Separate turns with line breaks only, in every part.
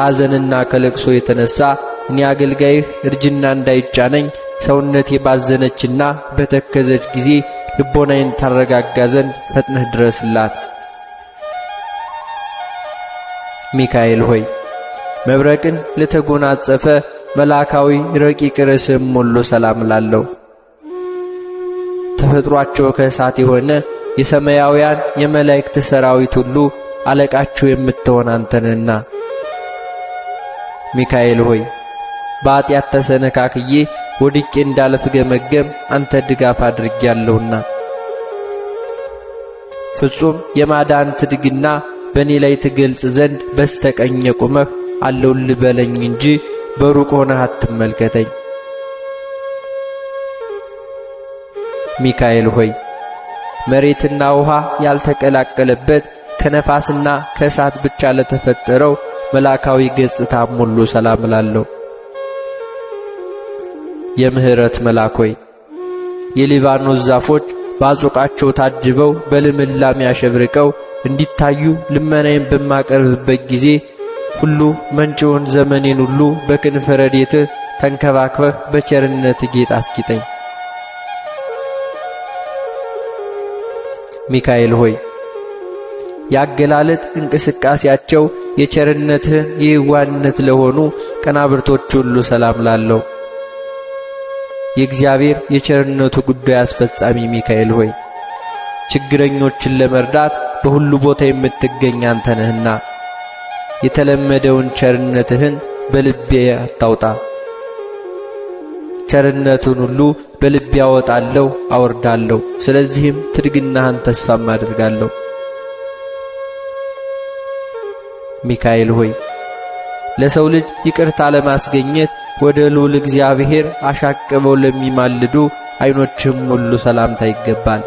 ከሐዘንና ከለቅሶ የተነሳ እኔ አገልጋይህ እርጅና እንዳይጫነኝ ሰውነቴ ባዘነችና በተከዘች ጊዜ ልቦናዬን ታረጋጋ ዘንድ ፈጥነህ ድረስላት። ሚካኤል ሆይ መብረቅን ለተጎናጸፈ መላካዊ ረቂቅ ርዕስም ሞሎ ሰላም ላለው ተፈጥሯቸው ከእሳት የሆነ የሰማያውያን የመላእክት ሰራዊት ሁሉ አለቃችሁ የምትሆን አንተንና ሚካኤል ሆይ በኀጢአት ተሰነካክዬ ወድቄ እንዳለፍ ገመገም አንተ ድጋፍ አድርጌያለሁና ፍጹም የማዳን ትድግና በእኔ ላይ ትገልጽ ዘንድ በስተቀኝ ቁመህ አለው ልበለኝ እንጂ በሩቅ ሆነህ አትመልከተኝ። ሚካኤል ሆይ መሬትና ውሃ ያልተቀላቀለበት ከነፋስና ከእሳት ብቻ ለተፈጠረው መላካዊ ገጽታ ሙሉ ሰላም እላለሁ። የምህረት መልአክ ሆይ የሊባኖስ ዛፎች በአጾቃቸው ታጅበው በልምላሜ ያሸብርቀው እንዲታዩ ልመናዬን በማቀርብበት ጊዜ ሁሉ መንጭውን ዘመኔን ሁሉ በክንፈ ረድኤትህ ተንከባክበህ በቸርነት ጌጥ አስጊጠኝ። ሚካኤል ሆይ ያገላለጥ እንቅስቃሴያቸው የቸርነትህን የዋህነት ለሆኑ ቀናብርቶች ሁሉ ሰላም ላለው የእግዚአብሔር የቸርነቱ ጉዳይ አስፈጻሚ ሚካኤል ሆይ ችግረኞችን ለመርዳት በሁሉ ቦታ የምትገኝ አንተ ነህና የተለመደውን ቸርነትህን በልቤ አታውጣ። ቸርነቱን ሁሉ በልቤ አወጣለሁ አወርዳለሁ። ስለዚህም ትድግናህን ተስፋም አድርጋለሁ። ሚካኤል ሆይ ለሰው ልጅ ይቅርታ ለማስገኘት ወደ ልዑል እግዚአብሔር አሻቅበው ለሚማልዱ ዐይኖችም ሁሉ ሰላምታ ይገባል።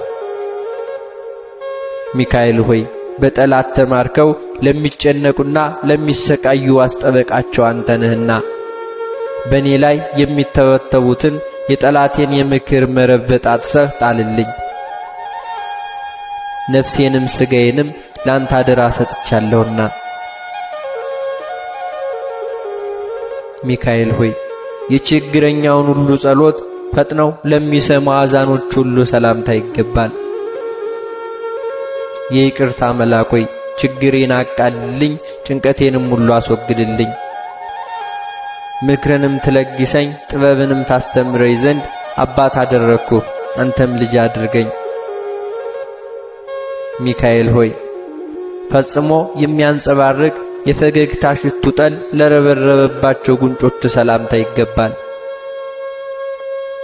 ሚካኤል ሆይ በጠላት ተማርከው ለሚጨነቁና ለሚሰቃዩ አስጠበቃቸው አንተ ነህና በእኔ ላይ የሚተበተቡትን የጠላቴን የምክር መረብ በጣጥሰህ ጣልልኝ። ነፍሴንም ሥጋዬንም ላንተ አደራ ሰጥቻለሁና ሚካኤል ሆይ የችግረኛውን ሁሉ ጸሎት ፈጥነው ለሚሰሙ አዛኖች ሁሉ ሰላምታ ይገባል። የይቅርታ መልአክ ሆይ ችግሬን አቃልልኝ፣ ጭንቀቴንም ሁሉ አስወግድልኝ። ምክርንም ትለግሰኝ፣ ጥበብንም ታስተምረኝ ዘንድ አባት አደረግኩ፣ አንተም ልጅ አድርገኝ። ሚካኤል ሆይ ፈጽሞ የሚያንጸባርቅ የፈገግታ ሽቱ ጠል ለረበረበባቸው ጉንጮች ሰላምታ ይገባል።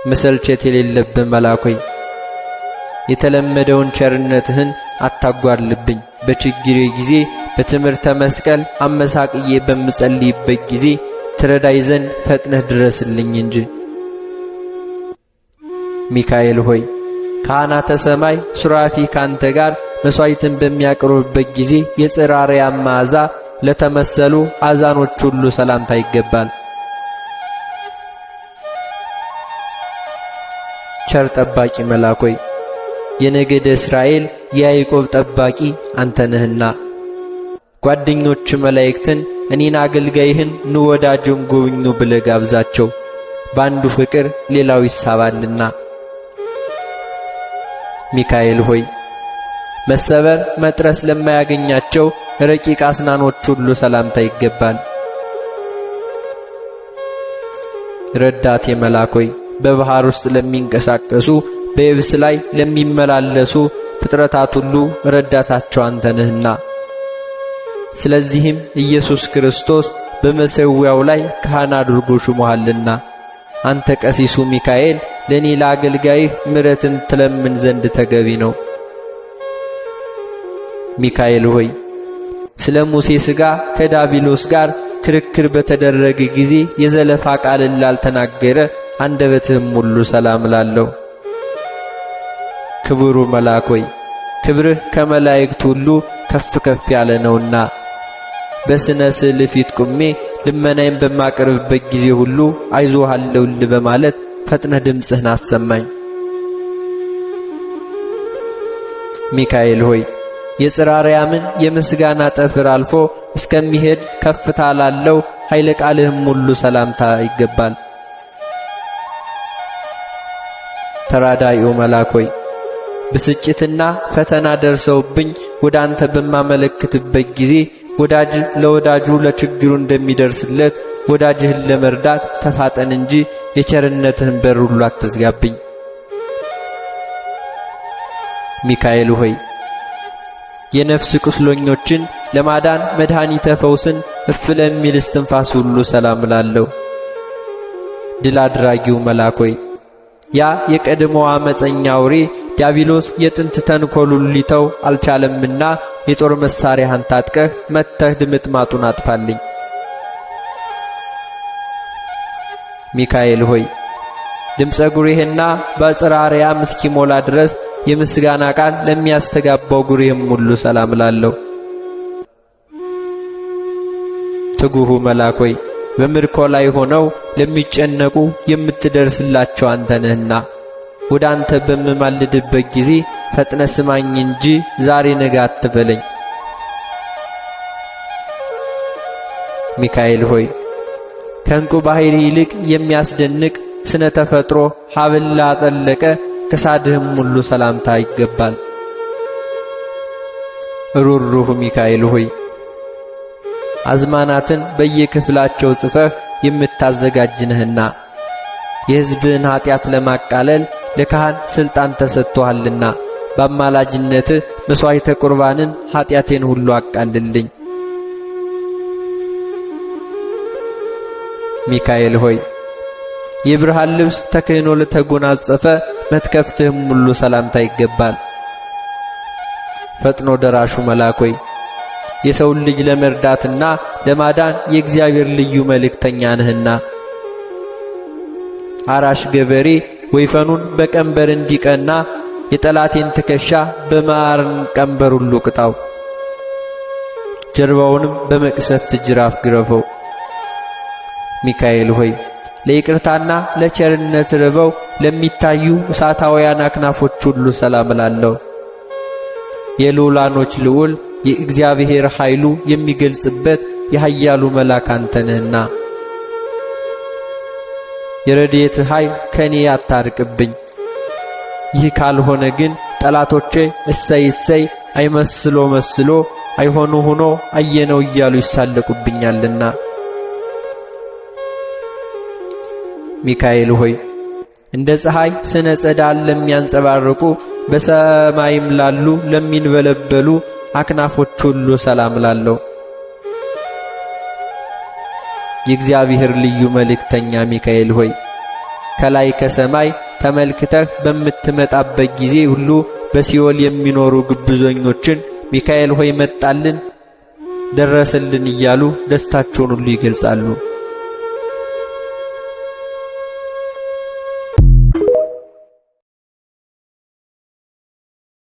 መሰልቸት የሌለብን መላኮይ የተለመደውን ቸርነትህን አታጓልብኝ። በችግሬ ጊዜ በትምህርተ መስቀል አመሳቅዬ በምጸልይበት ጊዜ ትረዳይ ዘንድ ፈጥነህ ድረስልኝ እንጂ። ሚካኤል ሆይ ካህናተ ሰማይ ሱራፊ ካንተ ጋር መሥዋዕትን በሚያቀርብበት ጊዜ የጽራሪያ መዓዛ ለተመሰሉ አዛኖች ሁሉ ሰላምታ ይገባል። ቸር ጠባቂ መላኮይ የነገደ እስራኤል የያዕቆብ ጠባቂ አንተ ነህና ጓደኞች መላእክትን እኔን አገልጋይህን ኑ ወዳጆም ጎብኙ ብለህ ጋብዛቸው፣ በአንዱ ፍቅር ሌላው ይሳባልና። ሚካኤል ሆይ መሰበር መጥረስ ለማያገኛቸው ረቂቅ አስናኖች ሁሉ ሰላምታ ይገባል። ረዳት የመላኮይ በባህር ውስጥ ለሚንቀሳቀሱ በየብስ ላይ ለሚመላለሱ ፍጥረታት ሁሉ ረዳታቸው አንተ ነህና፣ ስለዚህም ኢየሱስ ክርስቶስ በመሠዊያው ላይ ካህን አድርጎ ሹመሃልና አንተ ቀሲሱ ሚካኤል ለእኔ ለአገልጋይህ ምረትን ትለምን ዘንድ ተገቢ ነው። ሚካኤል ሆይ ስለ ሙሴ ሥጋ ከዳቢሎስ ጋር ክርክር በተደረገ ጊዜ የዘለፋ ቃል ላልተናገረ አንደበትህም ሁሉ ሰላም ላለው። ክብሩ መልአክ ሆይ ክብርህ ከመላእክት ሁሉ ከፍ ከፍ ያለ ነውና በሥነ ስዕል ፊት ቁሜ ልመናይን በማቀርብበት ጊዜ ሁሉ አይዞሃለውል በማለት ፈጥነ ድምፅህን አሰማኝ። ሚካኤል ሆይ የጽራርያምን የምስጋና ጠፍር አልፎ እስከሚሄድ ከፍታ ላለው ኃይለ ቃልህም ሁሉ ሰላምታ ይገባል። ተራዳዩ መልአክ ሆይ ብስጭትና ፈተና ደርሰውብኝ ወደ አንተ በማመለክትበት ጊዜ ወዳጅ ለወዳጁ ለችግሩ እንደሚደርስለት ወዳጅህን ለመርዳት ተፋጠን እንጂ የቸርነትህን በር ሁሉ አትዝጋብኝ። ሚካኤል ሆይ የነፍስ ቁስለኞችን ለማዳን መድኃኒተ ፈውስን እፍ ለሚል እስትንፋስ ሁሉ ሰላም እላለሁ። ድል አድራጊው መልአክ ሆይ ያ የቀድሞ አመፀኛ አውሬ ዲያብሎስ የጥንት ተንኰሉን ሊተው አልቻለምና የጦር መሳሪያህን ታጥቀህ መጥተህ ድምጥማጡን አጥፋልኝ። ሚካኤል ሆይ ድምፀ ጉሬህና በጽራሪያም እስኪሞላ ድረስ የምስጋና ቃል ለሚያስተጋባው ጉሬም ሁሉ ሰላም ላለው። ትጉሁ መልአክ ሆይ በምርኮ ላይ ሆነው ለሚጨነቁ የምትደርስላቸው አንተ ነህና ወደ አንተ በምማልድበት ጊዜ ፈጥነ ስማኝ እንጂ ዛሬ ነገ አትበለኝ። ሚካኤል ሆይ ከእንቁ ባሕሪ ይልቅ የሚያስደንቅ ስነ ተፈጥሮ ሀብላ አጠለቀ ከሳድህም ሁሉ ሰላምታ ይገባል። ሩሩህ ሚካኤል ሆይ አዝማናትን በየክፍላቸው ጽፈህ የምታዘጋጅንህና የሕዝብህን ኀጢአት ለማቃለል ለካህን ሥልጣን ተሰጥቶሃልና በአማላጅነትህ መሥዋዕተ ቁርባንን ኀጢአቴን ሁሉ አቃልልኝ። ሚካኤል ሆይ የብርሃን ልብስ ተክህኖ ለተጎናጸፈ መትከፍትህም ሁሉ ሰላምታ ይገባል። ፈጥኖ ደራሹ መልአክ ሆይ የሰውን ልጅ ለመርዳትና ለማዳን የእግዚአብሔር ልዩ መልእክተኛ ነህና አራሽ ገበሬ ወይፈኑን በቀንበር እንዲቀና የጠላቴን ትከሻ በማርን ቀንበር ሁሉ ቅጣው፣ ጀርባውንም በመቅሰፍት ጅራፍ ግረፈው። ሚካኤል ሆይ ለይቅርታና ለቸርነት ርበው ለሚታዩ እሳታውያን አክናፎች ሁሉ ሰላም እላለሁ። የልዑላኖች ልዑል የእግዚአብሔር ኃይሉ የሚገልጽበት የኃያሉ መልአክ አንተ ነህና የረድኤት ኃይል ከእኔ አታርቅብኝ። ይህ ካልሆነ ግን ጠላቶቼ እሰይ እሰይ አይመስሎ መስሎ አይሆኑ ሆኖ አየነው እያሉ ይሳለቁብኛልና ሚካኤል ሆይ እንደ ፀሐይ ስነ ጸዳል ለሚያንጸባርቁ በሰማይም ላሉ ለሚንበለበሉ አክናፎች ሁሉ ሰላም ላለው የእግዚአብሔር ልዩ መልእክተኛ ሚካኤል ሆይ ከላይ ከሰማይ ተመልክተህ በምትመጣበት ጊዜ ሁሉ በሲኦል የሚኖሩ ግብዞኞችን ሚካኤል ሆይ መጣልን፣ ደረሰልን እያሉ ደስታቸውን ሁሉ ይገልጻሉ።